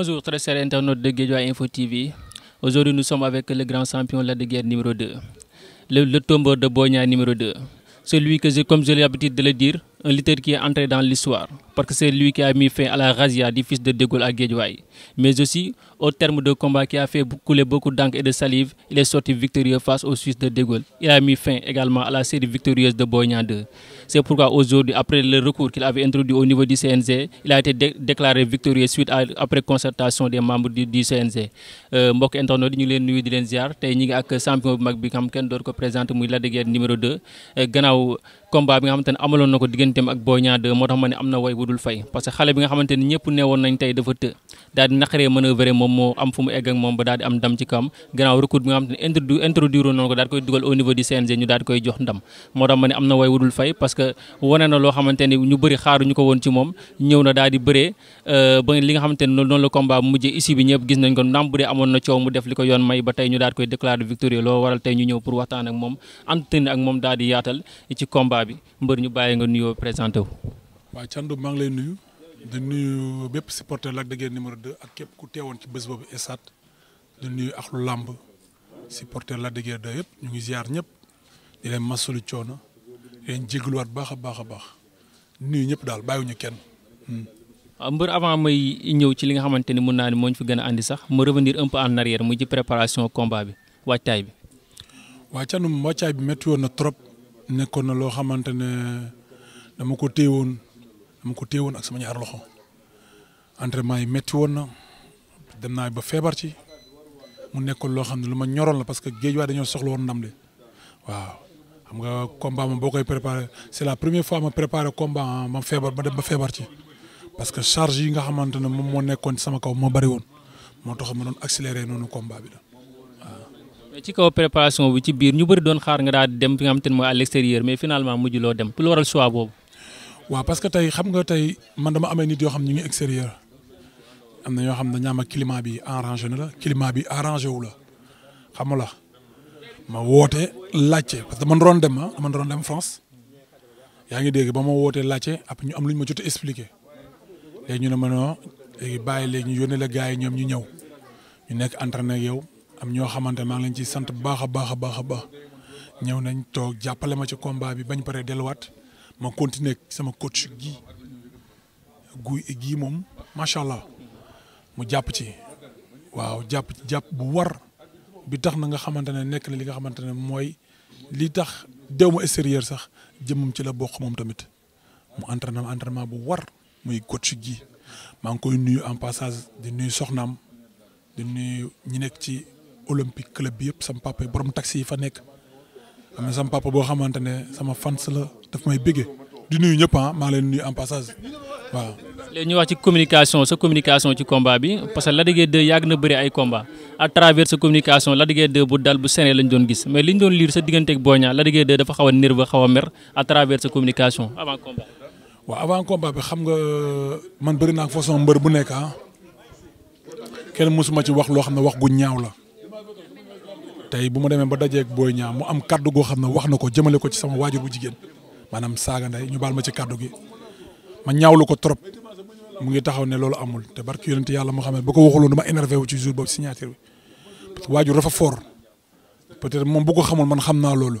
Bonjour très chers internautes de Guédois Info TV. Aujourd'hui nous sommes avec le grand champion la de guerre numéro 2. Le, tombeau de Bogna numéro 2. Celui que j'ai comme j'ai l'habitude de le dire, un leader qui est entré dans l'histoire, parce que c'est lui qui a mis fin à la razzia du fils de De Gaulle à Guédiouaï. Mais aussi, au terme de combat qui a fait couler beaucoup d'encre et de salive, il est sorti victorieux face au Suisse de De Gaulle. Il a mis fin également à la série victorieuse de Boignan 2. C'est pourquoi aujourd'hui, après le recours qu'il avait introduit au niveau du CNZ, il a été déclaré victorieux suite à, après concertation des membres du, CNZ. Euh, Mbok de ziar avons ñi champion de est de guerre numéro 2 combat bi nga xamante ne na ko digganteem ak Boy Niang moo tax ma ne am na way bu dul fay xale bi nga xamante ne neewoon nañ tey dafa të daal di naqaree manœuvrer moom moo am fu mu egg ak moom ba daal di am ndam ci kawam gannaaw bi nga xamante ne introduire noonu ko daal di na way bu dul fay parce que wane na loo xamante ne ñu bëri na daal di euh, mujjee ici bi ñëpp gis nañ ko naam bu dee amoon na coow mu def li ko yoon may ba tey bi mbeur ñu baye nga nuyo présenté wu wa candu maa ngi lay nuyu di nuyu bép supporter lak dege numéro 2 ak kep ku téwon ci bëss bobu esat di nuyu ak lu làmb supporter Lac dege da yépp ñu ngi ziar ñëpp di leen masulu coono di leen jéglu wat baaxa baaxa baax nuyu ñëpp dal bayu ñu kenn hmm. mbeur avant may ñëw ci li nga xamanteni ni naani moñ fi gëna andi sax ma revenir un peu en arrière mu ci préparation combat bi wa tay bi wa waa mo tay bi metti woon na trop nekkoon na loo xamante ne dama ko téewoon dama ko téewoon ak sama ñaar loxo entraînement yi metti woon na dem naa ba feebar ci mu nekkoon loo xam ne lu ma ñoroon la parce que géej waaye dañoo soxla woon ndam de waaw xam nga combat ma boo koy préparé c'est la première fois ma préparé combat ma feebar ma dem ba feebar ci parce que charge yi nga xamante ne moom moo nekkoon sama kaw ma bari woon moo tax ma doon accéléré noonu combat bi la ci kaw préparation bi ci biir ñu bëri doon xaar nga daal dem fi nga xam te ne mooy à l'extérieur mais finalement mujj loo dem lu waral choix boobu. waaw parce que tey xam nga tey man dama amee nit yoo xam ñu ngi extérieur am na ñoo xam ne dañu am climat bi arrangé na la climat bi arrangé wu la xam la ma woote laajte parce que man doon dem ah man doon dem France yaa ngi dégg ba ma wootee laajte après ñu am lu ñu ma jot a expliqué léegi ñu ne ma non léegi bàyyi léegi ñu yónnee la gars yi ñoom ñu ñëw ñu nekk entraîné ak yow. am ñoo xamante maa ngi leen ciy sant bu baax a baax a baax a baax ñëw nañ toog jàppale ma ci combat bi bañ pare delluwaat ma continuer sama coach gi guy gii moom macha allah mu jàpp ci waaw jàpp jàpp bu war bi tax na nga xamante ne nekk na li nga xamante ne mooy li tax dew ma extérieur sax jëmmam ci la bokk moom tamit mu entre entraînement entraînement bu war muy coach gi maa ngi koy nuyu en passage di nuyu soxnaam di nuyu ñi nekk ci. olympique club bi yëpp sama papa yi borom taxi yi fa nekk am na sama papa boo xamante ne sama fans la daf may béggee di nuyu ñëpp ah maa leen nuyu en passage waaw. léegi ñu wax ci communication sa communication ci combat bi parce que Lac de Guiers 2 yàgg na bëri ay combat à sa communication Lac de Guiers 2 bu dal bu seree lañ doon gis mais liñ doon lire sa digganteeg Boy Niang Lac de Guiers 2 dafa xaw a nerveux a mer à sa communication avant combat. waaw tey bu ma demee ba dajeeg Boy Niang mu am kaddu goo xam ne wax na ko jëmale ko ci sama waajur bu jigéen maanaam saaga ndey ñu baal ma ci kaddu gi ma ñaawlu ko trop mu ngi taxaw ne loolu amul te barki yonente yàlla moo xam ne boo ko waxuloon ma énervé wu ci jour boobu signature bi parce que waajur dafa fort peut-être moom bu ko xamul man xam naa loolu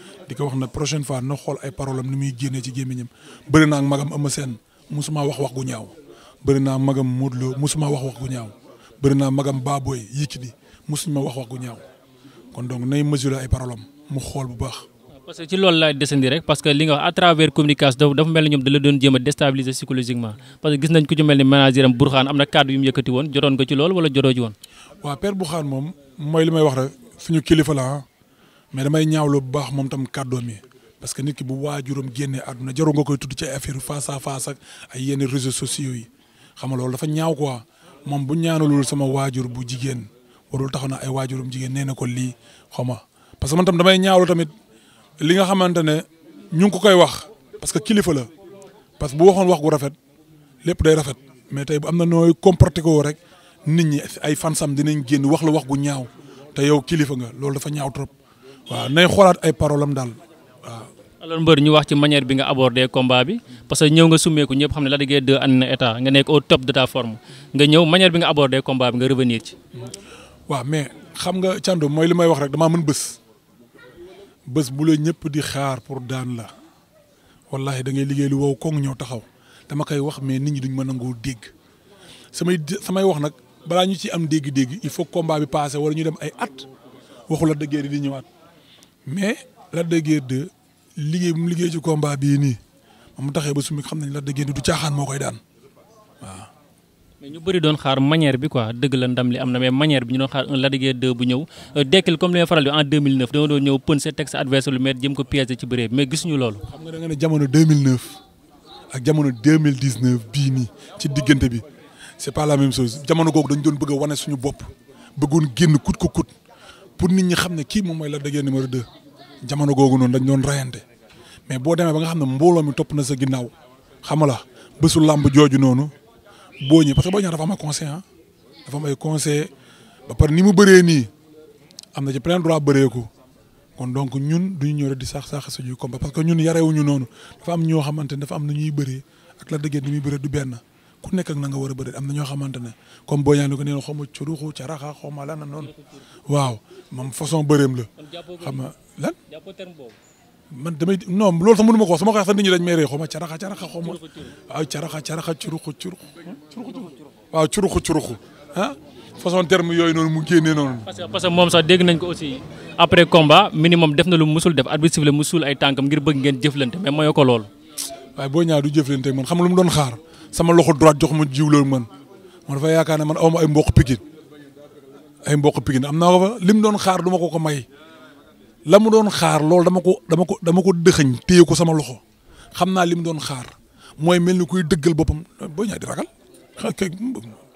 di ko wax na prochaine fois na xool ay parole ni muy génnee ci gémmiñam bëri magam Eumeu Sène musuma wax wax gu ñaaw bëri magam Modou Lo musuma wax wax gu ñaaw bëri naa magam Baboy Yékini musuma wax wax gu ñaaw kon donc nay mesurer ay parole mu xool bu baax. parce que ci loolu laay desandi rek parce que li nga wax communication dafa mel ni ñoom da doon jéem a déstabiliser psychologiquement parce que gis nañ ku ci mel ni manager am Bourkhane mais damay ñaawloo bu baax moom tam kàddoom yi parce que nit ki bu waajuram génnee àdduna jaru nga koy tudd ci affaire face à face ak ay yenn réseaux sociaux yi xam loolu dafa ñaaw quoi moom bu ñaanalul sama waajur bu jigéen warul taxaw na ay waajuram jigéen nee na ko lii xaw ma parce que tam damay ñaawlu tamit li nga xamante ne ñu ngi ko koy wax parce que kilifa la parce que bu waxoon wax gu rafet lépp day rafet mais tey bu am na nooy comporté ko rek nit ñi ay fan sam dinañ génn wax la wax gu ñaaw te yow kilifa nga loolu dafa ñaaw trop. waaw nay xoolaat ay parole am daal waaw. alors mbër ñu wax ci manière bi nga abordé combat bi parce que ñëw nga summeeku ñëpp xam ne la déggee deux ànd na état nga nekk au top de ta forme nga ñëw manière bi nga abordé combat bi nga revenir ci. waaw mais xam nga Thiandoum mooy li may wax rek damaa mën bés. bés bu la ñëpp di xaar pour daan la wallahi da ngay liggéey lu wow koŋ ñëw taxaw dama koy wax mais nit ñi duñ mën a nangoo dégg samay samay wax nag balaa ñu ci am dégg-dégg il faut combat bi passé wala ñu dem ay at waxu la dëggee di ñëwaat mais Lac de Guiers 2 liggéey bu mu liggéey ci combat bii nii mu taxee ba sumi xam nañ Lac de Guiers 2 du caaxaan moo koy daan waaw. mais ñu bëri doon xaar manière bi quoi dëgg la ndam li am na mais manière bi ñu doon xaar un Lac de Guiers 2 bu ñëw euh, dekkil comme li nga faral di en 2009. dama doon ñëw pën sa teg sa adversaire lu met jëm ko piéger ci bëree mais gisuñu loolu. xam nga da nga ne bii nii ci diggante bi c'est pas la même jamono googu dañu doon bëgg a suñu bopp bëggoon génn kut ko kut. pour nit ñi xam ne kii moom mooy la de Guiers numéro 2 jamono googu noonu dañ doon rayante mais boo demee ba nga xam ne mbooloo mi topp na sa ginnaaw xam la bésu làmb jooju noonu boo ñëwee parce que boo ñëwee dafa am conseil ah dafa am ay conseil ni mu bëree nii am na ci plein droit bëree ko kon donc ñun du ñëw rek di saax saax suñuy combat parce que ñun yarewuñu noonu dafa am ñoo xamante ne dafa na ñuy bëree ak la de Guiers ni muy bëree du benn. ku nekk ak na nga war a bëri am na ñoo xamante ne comme boo ko nee na xaw ma curuxu ca raxa xaw ma lan noonu waaw moom façon bëreem la. xam nga lan. man damay non loolu sax mënu ko sama su ma ko wax sax nit ñi dañ may rey xaw ma ca raxa ca raxa xaw ma waaw ca raxa ca raxa curuxu curuxu waaw curuxu curuxu ah façon terme yooyu noonu mu génnee noonu. parce que parce que moom sax dégg nañ ko aussi après combat minimum def na lu musul def arbitre sifflé musul suul ay tànkam ngir bëgg ngeen jëflante mais mooy ko lool. waaye boo ñaar du jëflante man xam lu mu doon xaar sama loxo droite jox ma jiw loolu man ma dafa yaakaar ne man aw ma ay mboq Pikine ay mboq Pikine am naa ko fa li mu doon xaar du ma ko ko may la mu doon xaar loolu dama ko dama ko dama ko dëxëñ téye ko sama loxo xam naa li mu doon xaar mooy mel ni kuy dëggal boppam boo ñaa ragal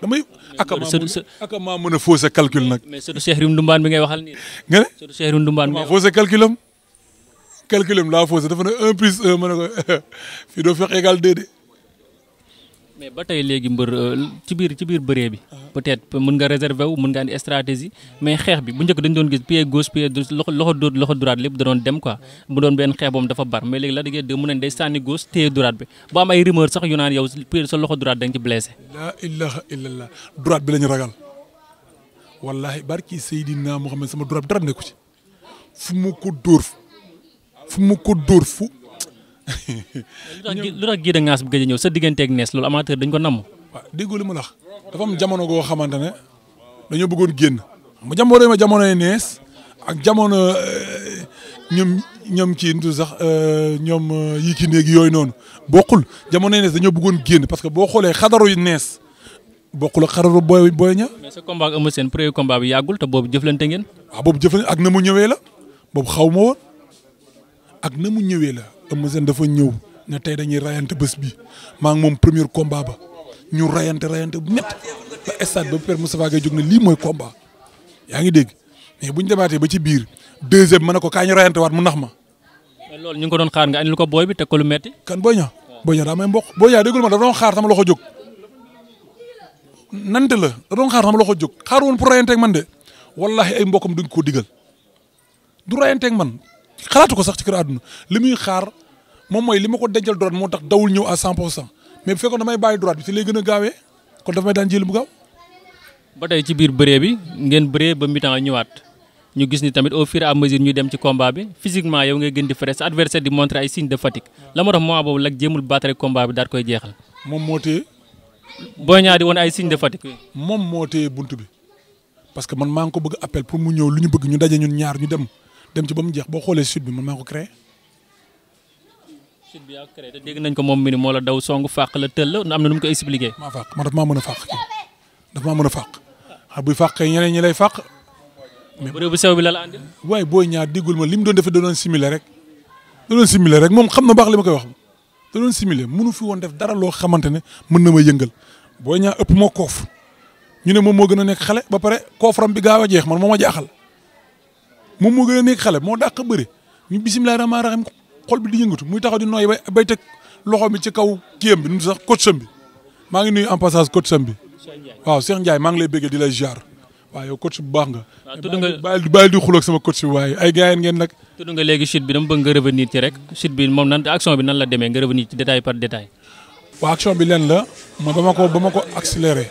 damay. ak a maa mën a fausser calcul nag. mais surtout Cheikh Ndumbaan bi ngay waxal nii. nga ne surtout Cheikh Ndumbaan bi. fausser laa fausser dafa ne un plus un ma doo fex égal deux de mais ba tey léegi mbër euh, ci biir ci biir bëree bi. Ah. peut-être mën nga réserver wu mën nga andi stratégie. mais xeex bi bu njëkk dañ doon gis pied gauche pied loxo loxo droite loxo lépp da doon dem ko mu ah. doon benn xeex boobu dafa bar mais léegi la da ngeen di mën a day sànni gauche téye bi bu am ay rumeur sax yu naan yow sa loxo droite da ci blessé. la ilaha illallah droite bi la ñu ragal wallahi barki Seydina Mohamed sama droite bi dara nekku ci fu mu ko dóor mu ko dóor fu. lu tax Guida Ngaas bu gëj a ñëw sa digganteeg nees loolu amateur dañ ko namm. waaw déggoo ma lax dafa am jamono goo xamante ne dañoo bëggoon génn mu jamono ma jamono nees ak jamono euh, ñoom ñoom kii nu sax euh, ñoom yi ki néegi yooyu noonu bokkul jamono nees dañoo bëggoon génn parce que boo xoolee xadaru yu nees bokkul a xadaru booy booy ña. mais sa combat ak seen Sène premier bi yàggul te boobu jëflante ngeen. waaw ah, boobu jëflante ak na mu ñëwee la boobu xaw ma woon ak namu ñëwé la Eumeu sen dafa ñëw ne tay dañuy rayanté bëss bi ma ak mom premier combat ba ñu rayanté rayanté bu métti ba stade ba Père Moustapha Gueye jogné li moy combat yaa ngi dégg mais buñu débaté ba ci biir deuxième mané ko ka ñu rayanté waat mu nax ma. lool ñu ko doon xaar nga andi lu ko boy bi teg ko lu metti kan booy ña booy ña daa may mbokk booy ña déggul ma da doon xaar sama loxo jog nante la da doon xaar sama loxo jog xaar woon pour rayanté ak man dé wallahi ay mbokam duñ ko diggal du rayanté ak man xalaatu ko sax ci kër aduna limuy xaar mom moy limako ma droit motax dawul ñew à 100 mais bu fekkoon damay bayyi droit bi ci lay gëna gaawé ko dafa may daan jël bu gaaw. ba tay ci biir bi ngeen ba mi ñëwaat ñu gis ni tamit au fur et à mesure ñu dem ci combat bi physiquement yow ngay gën di frais adversaire di montrer ay signe de fatigue la mo tax mo bobu lag jëmul battre combat bi daal koy jéxal mom moo téye. boo ñaari woon ay signe de fatigue. mom moo téye bi parce que man ma ko bëgg appel pour mu ñëw lu ñu bëgg ñu dajé ñun ñaar ñu dem. dem ci ba mu jeex boo xoolee sud bi man maa ko créé. sud bi yaa ko nañ ko moom mi ni moo la daw song fàq la tëll am na nu mu ko expliqué. maa fàq man daf maa mën a fàq daf maa mën a fàq ah ñeneen ñi lay fàq. mais bu bu sew bi la la andil. waaye booy ñaar déggul ma li mu doon defee da doon rek. da doon simuler rek moom xam na baax li ma koy wax da doon simuler mënu fi woon def dara loo xamante ne mën na ma yëngal booy ñaa ëpp moo koof ñu ne moom moo gën a nekk xale ba pare koofram bi gaaw a jeex man moo ma moom moo gën a nekk xale moo dàq bëri ñu bisimilah rahmaan rahim xol bi di yëngatu muy taxaw di nooy bay bay teg loxo mi ci kaw kiyam bi nu sax coach sam bi maa ngi nuyu en passage coach sam bi waaw Cheikh ngi lay bëggee di lay jaar waaw yow coach bu baax nga. waaw tudd nga sama coach bi waaye ay gars ngeen nag. tudd nga léegi chute bi dama bëgg nga revenir ci rek chute bi moom nan action bi nan la demee nga revenir ci détail par détail. waaw action bi lenn la ma dama ba ma ko accéléré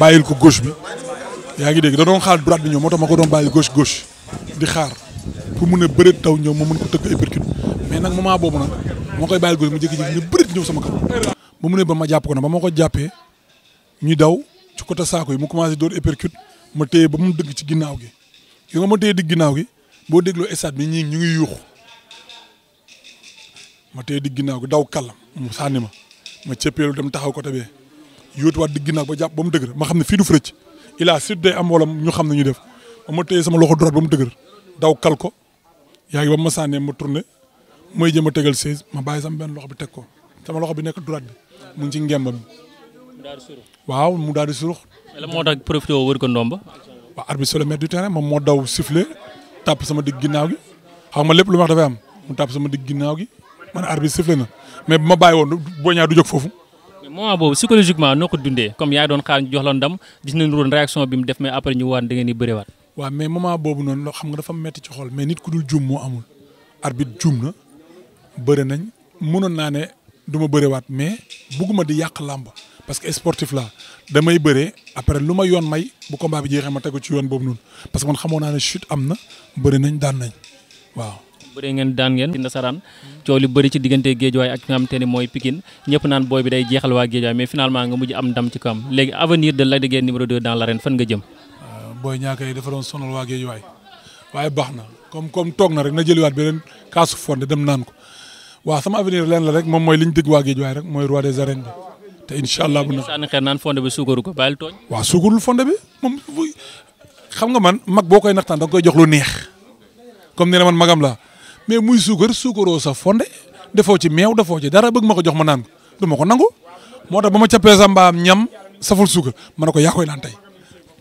bàyyil ko gauche bi yaa ngi dégg da doon xaar droite bi ñëw moo tax ma ko doon bàyyi gauche gauche di xaar pour mun a bëreet taw ñëw ma mën ko tëkk ay percute mais nag moment boobu nag moo koy bàyyi gauche mu jékki-jékki ne bëreet ñëw sama kaw ba mu ne ba ma jàpp ko nag ko jàppee ñu daw ci côté saako yi mu commencé dóor épercute ma ba mu dëgg ci ginnaaw gi yo nga ma téye digg ginnaaw gi boo dégloo stade bi ñii ñu ngi yuuxu ma téye digg ginnaaw gi daw kàllam mu sànni ma ma cëppeelu dem taxaw côté bee yóotuwaat digg ginnaaw ba jàpp ba mu dëgër ma xam ne fii du fërëcc ila sud day am walam ñu xam ne ñu def ba ma téye sama loxo droite ba mu dëgër daw kal yaa ngi ba ma sànnee ma tourné mooy jëm a tegal 16 ma bàyyi sama benn loxo bi teg ko sama loxo bi nekk droite bi mu ngi ci ngemb bi. waaw mu daal di surux. moo tax profité woo wër ko ndomba. waaw arbitre sur le du terrain moom moo daw sifflé tàpp sama digg ginnaaw gi xam ma lépp lu ma wax dafay am mu tàpp sama digg ginnaaw gi man arbitre sifflé na mais bu ma bàyyi woon boo ñaa du jóg foofu. moment boobu psychologiquement noo ko dundee comme yaa doon xaar ñu jox la ndam gis nañu woon réaction bi mu def mais après ñu waan da ngeen di bëriwaat. waaw mais moment boobu noonu loo xam nga dafa metti ci xol mais nit ku dul juum moo amul. arbitre juum na bëri nañ mënoon naa ne du ma bëriwaat mais bugguma di yàq làmb parce que sportif la damay bëree après lu ma yoon may bu combat bi jeexee ma tegu ci yoon boobu noonu parce que man xamoon naa ne chute am na bëri nañ daan nañ. waaw bëree ngeen daan ngeen ci nasaraan coow li bari ci diggante géejuwaay ak nga am te ne mooy Pikine ñëpp naan booy bi day jeexal waa géejuwaay mais finalement nga mujj am ndam ci kam léegi avenir de Lac de Guiers numéro 2 dans l'arène fan nga jëm euh, booy ñaakay dafa doon sonal waa géejuwaay waaye baax na comme comme toog na rek na jëliwaat beneen kaasu fonde dem naan ko waaw sama avenir leen la rek moom mooy li ñu waa waa géejuwaay rek mooy roi des arènes bi te incha allah bu na naan fonde bi suukaru ko bàyyil tooñ waaw suukarul fonde bi moom xam nga man mag boo koy naxtaan da koy jox lu neex comme ni la man magam laa mais muy suukar suukaroo sa fonde defoo ci meew defoo ci dara bëgg ma ko jox ma naan du ma ko nangu moo tax ba ma cappee sa mbaam ñam saful suukar ma ne ko yaa koy naan tey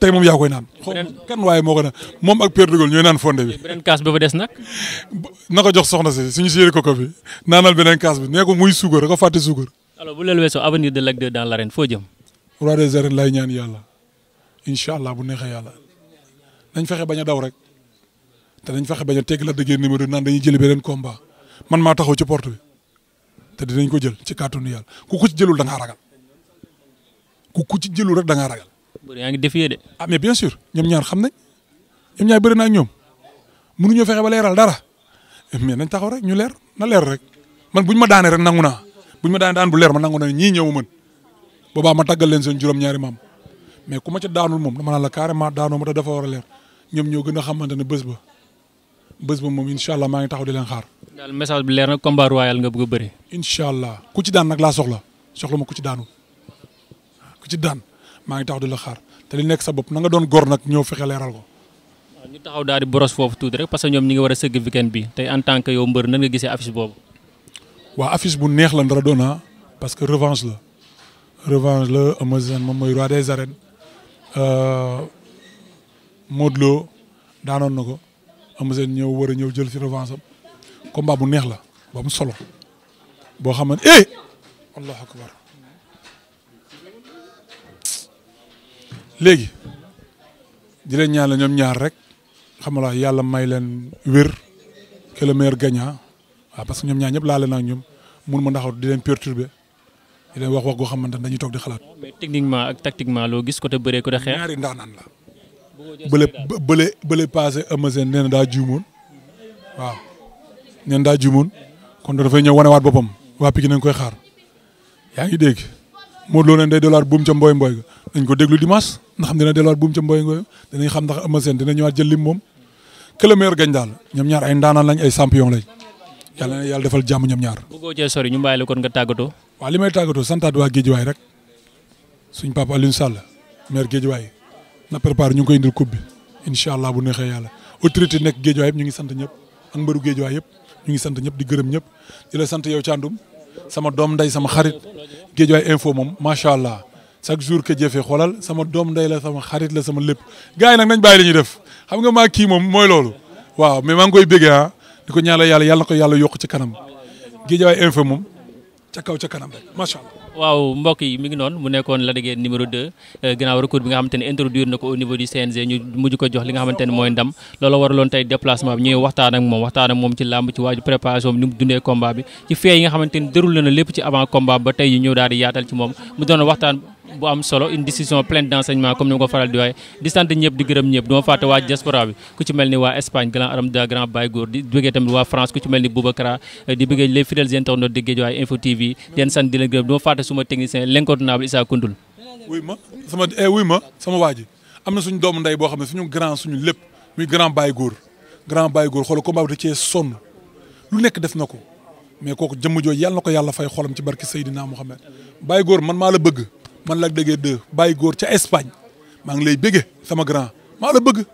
tey moom yaa koy naan. kan waaye moo ko naan moom ak Pierre de ñooy naan fonde bi. beneen kaas ba fa des nag. na ko jox soxna si suñu séeréer koko bi naanal beneen kaas bi nee ko muy suukar da ko fàtte suukar. alors bu loolu weesoo avenir de Lac 2 dans foo jëm. roi des arènes lay ñaan yàlla incha bu neexee yàlla nañ fexe bañ a daw rek. te dañ fexe bañ a tegg la dëggee numéro naan dañuy jëli beneen combat man maa taxaw ci porte bi te dinañ ko jël ci kàttanu yàlla ku ku ci jëlul da ngaa ragal ku ku ci jëlul rek da ngaa ragal. bëri ngi défier de. ah mais bien sûr ñoom ñaar xam ne ñoom ñaar bëri na ak ñoom mënuñoo fexe ba leeral dara mais nañ taxaw rek ñu leer na leer rek man buñ ma daane rek nangu naa buñ ma daane daan bu leer ma nangu naa ñii ñëw mën boobaa ma tàggal leen seen juróom-ñaari maam mais ku ma ca daanul moom dama naan la carrément daanoo ma te dafa war a leer ñoom ñoo gën xamante ne bés ba bës ba moom incha allah maa ngi taxaw di leen xaar. daal message bi leer na combat royal nga bëgg a bëri. incha ku ci daan nag laa soxla soxla ma ku ci daanu ku ci daan maa ngi taxaw di la xaar te li nekk sa bopp na nga doon gor nag ñëw fexe leeral ko. ñu taxaw daal di boros foofu tuuti rek parce que ñoom ñi ngi war a sëgg weekend bi tey en tant que yow mbër nan nga gisee affiche boobu. waaw affiche bu neex la ndara doon ah parce que revanche la revanche la Eumeu moom mooy roi des euh, daanoon na ko. Eumeu Sène ñëw war a ñëw jël si revanche am combat bu neex la ba mu solo boo xam ne eh allahu akbar léegi di leen ñaan la ñoom ñaar rek xam nga yàlla may leen wér que le meilleur gagnant waaw ah, parce que ñoom ñaar ñëpp laale na ak ñoom mun ma ndaxaw di leen perturber di leen wax wax goo xamante ne dañuy toog di xalaat. mais techniquement ak tactiquement loo gis côté bëree côté xeex. ñaari ndaanaan la. bële bële bële passé Eumeu Sène nee na daa juumoon waaw nee na daa juumoon kon dafay ñëw wanewaat boppam waa Pikine nañ koy xaar yaa ngi dégg Modou Lo ne day delluwaat buum ca mboy mboy ga dañ ko déglu dimanche ndax xam dina delluwaat buum ca mboy mboy dinañ xam ndax Eumeu Sène dina ñëwaat jël lim moom que le meilleur gañ daal ñoom ñaar ay ndaanaan lañ ay champion lañ yàlla na yàlla defal jàmm ñoom ñaar. bëggoo cee sori ñu bàyyi la kon nga tàggatoo. waaw li may tàggatoo santaat waa Géejawaay rek suñ papa Alioune Sall maire Géejawaay na préparé ñu ngi koy indil coupe bi allah bu neexee yàlla autorité nekk géejuwaay yëpp ñu ngi sant ñëpp ak mbëru géejuwaay yëpp ñu ngi sant ñëpp di gërëm ñëpp di la sant yow Thiandoum sama doom nday sama xarit géejuwaay info moom macha allah chaque jour que jëfee xoolal sama doom nday la sama xarit la sama lépp gars yi nag nañ bàyyi la ñuy def xam nga ma kii moom mooy loolu waaw mais maa ngi koy béggee ah di ko ñaanal yàlla yàlla ko yàlla yokk ci kanam géejuwaay info moom ca kaw ca kanam rek macha allah waaw mbokk yi mi ngi noonu mu nekkoon Lac de Guiers numéro 2 euh, gannaaw recours bi nga xamante ne introduire na ko au niveau du CNG ñu mujj ko jox li nga xamante ne mooy ndam loolu waraloon tey déplacement bi ñuy waxtaan ak moom waxtaan ak moom ci làmb ci waaju préparation bi ni mu dundee bi ci fee yi nga xamante ne déroulé na lépp ci avant combat ba tey yi ñëw daal yaatal ci moom mu doon waxtaan bu am solo une décision pleine di gërëm ñëpp duma fàtte waa diaspora bi ku ci mel ni waa Espagne grand aram da grand Baye di bëggee tamit waa France ku ci mel ni Boubacara di bëggee les fidèles internautes de Guédiawaye Info TV di sant di leen gërëm duma fàtte suma technicien l'incontournable Issa Koundoul eh, wuy ma sama waa ji am na suñu doomu ndey boo xam ne suñu grand suñu lépp muy grand Baye Góor grand Baye Góor xoolal combat bi da cee sonn lu nekk def na ko man Lac de Guiers 2 bàyyi góor ca Espagne maa ngi lay bëgge sama grand maa la bëgg.